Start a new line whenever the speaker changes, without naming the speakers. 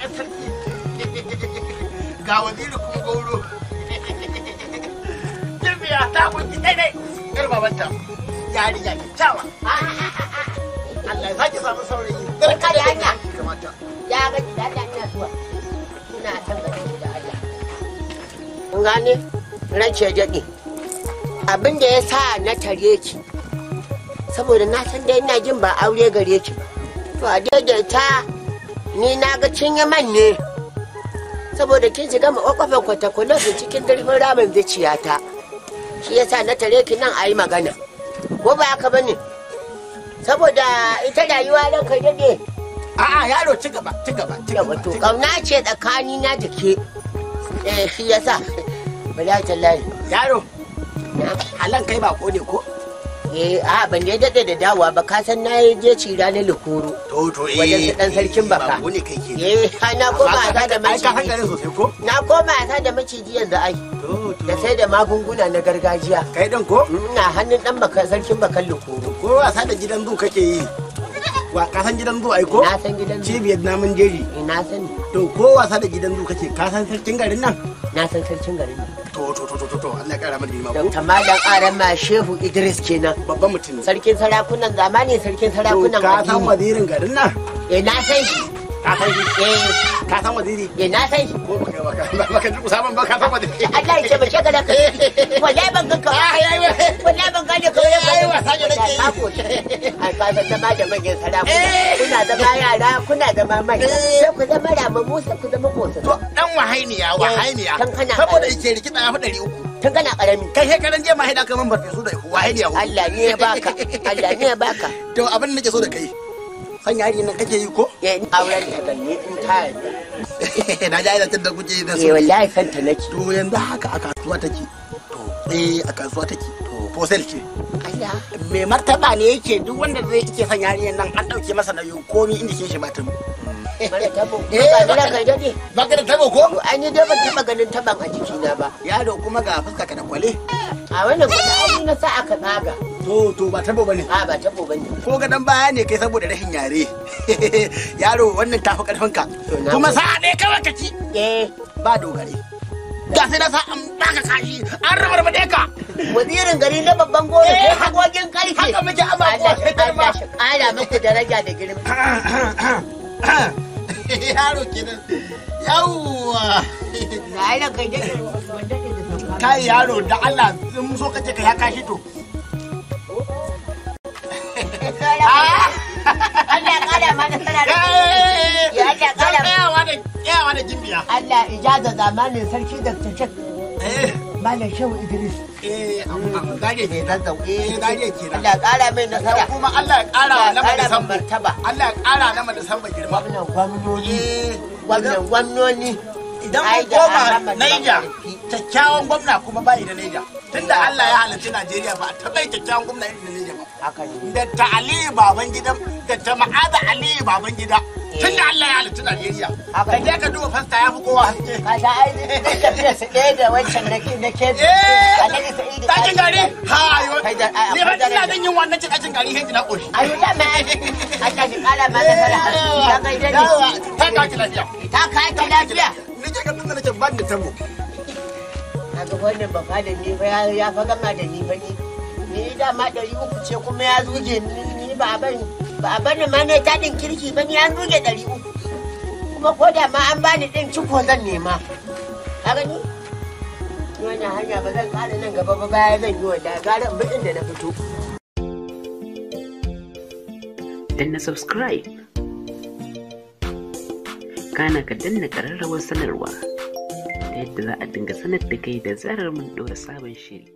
ya sarki ga waziri kuma gauro jirbiya ta kunki daidai yar babanta yarinya kyakkyawa Allah ya sake samu saurayi yar kare hanya kamata ya ga da ta ina zuwa ina san ga da Allah kun gane rance daɗi abin da ya sa na tare ki saboda na san dai ina jin ba aure gare ki ba to a daidaita ni na ga cinye ne saboda kin shiga makwakwafen kwatakwalen su cikin dirbin ramin ta shi yasa na tare ki nan a yi magana ko ba ka bane saboda ita rayuwa ran kai dade a'a yaro ci gaba ci gaba ci gaba to kauna ce tsakani na da ke eh shi yasa bala tallahi yaro halan kai ba ko ne ko eh a ban dai dade da dawa ba ka san na je ci ranar likuru to to eh wajen dan sarkin eh, baka ne kai ke eh na koma ta da maciji ai ka sosai ko na koma ta da maciji yanzu ai da sai da magunguna na gargajiya kai dan ko ina hannun dan baka sarkin bakan likuru ko wasa da gidan zu kake yi wa ka san gidan zu ai ko na san gidan zu cibiyar namun jeri eh, na sani to ko wasa da gidan zu kake ka san sarkin garin nan na san sarkin garin nan to to to to to Allah ya kara mana girma ko ta aran ma shehu Idris kenan babban mutum sarkin sarakunan zamani sarkin sarakunan ka san wazirin garin nan eh na san shi ka san shi eh ka san waziri eh na san shi ko baka baka ji kusaban ba san waziri Allah ya ce ba shagala ka wallahi ban ganka ah, wallahi ban gane ka wallahi ba eh, sanya nake ka ko a zama da manyan sarakuna eh. kuna zama yara kuna zama mai eh. sai ku zama ramu musa ku zama kosa to wahainiya wahainiya saboda yake rikida ya faɗa uku tun kana karami kai sai karan je ma haida kaman barfe su da wahainiya Allah ne ya baka Allah ne ya baka to abin da nake so da kai san yari nan kake yi ko eh auren da ban yi in ta yi na ja da tunda kuje da su eh wallahi santa nake to yanzu haka a kasuwa take to eh a kasuwa take posel ce mai martaba ne yake duk wanda zai ke son yariyan nan an dauke masa nauyin komi inda ke shi batun eh, Baka da tabo ko? An yi dabar taba ganin taban a jikina ba. Yaro kuma ga fuska ka da kwale. A wannan kuma an na sa aka tsaga. To to ba tabo bane. A ba tabo bane. Ko ga dan baya ne kai saboda rashin yare. Yaro wannan tafi karfin ka. Kuma sa'a ne kawai ka ci. Eh ba dogare. ga sai na sa an baka kashi an rabar mu ka wazirin gari na babban goro ko eh, hagogin karfe haka muke amma ko shekar ma ana muku daraja da girma yaro kenan yawwa na kai da kai yaro da Allah in so kace ka ya kashi to Allah ya kada mana sana Allah ijaza zamanin sarki da tashik. Eh. Malam Shehu Idris. Eh, gaje ke nan zau. Eh, gaje ke nan. Allah ƙara mai nasara. Kuma Allah ya ƙara na madasan martaba. Allah ya ƙara na madasan girma. Wannan gwamnoni. Eh, wannan gwamnoni. Idan mun koma Naija, kyakkyawan gwamna kuma bayi da Naija. Tunda Allah ya halarci Najeriya ba, taɓa yi kyakkyawan gwamna irin da Naija ba. Da ta Ali Babangida, da ta Ma'aza Aliyu Babangida. tun da Allah ya halitta Najeriya ka je ka duba fasta ya fi kowa haske ka da ai ne tafiya su ɗaya da wancan na ke da ke eh! a daga sa'i da takin gari ha yo ne ba ina zan yin wannan cin ajin gari hindi na koshi ayo da ma a ta shi kala ma da sala ta kai da ni ta ka ki lafiya ta ka ki lafiya ni ke ganin nake ban da tabo kaga wannan ba fa da ni ba ya fa gama da ni ba ni ni da ma da yi uku ce kuma ya zuge ni ba ban ba a bani ma na taɗin kirki ba ni an ruge ɗari uku kuma ko da ma an bani ɗin cikon zan nema ka gani wannan hanya ba zan ƙara nan gaba ba baya zan yi wanda gara bi inda na fito danna subscribe kana ka danna ƙararrawar sanarwa ta yadda za a dinga sanar da kai da zarar mun ɗora sabon shiri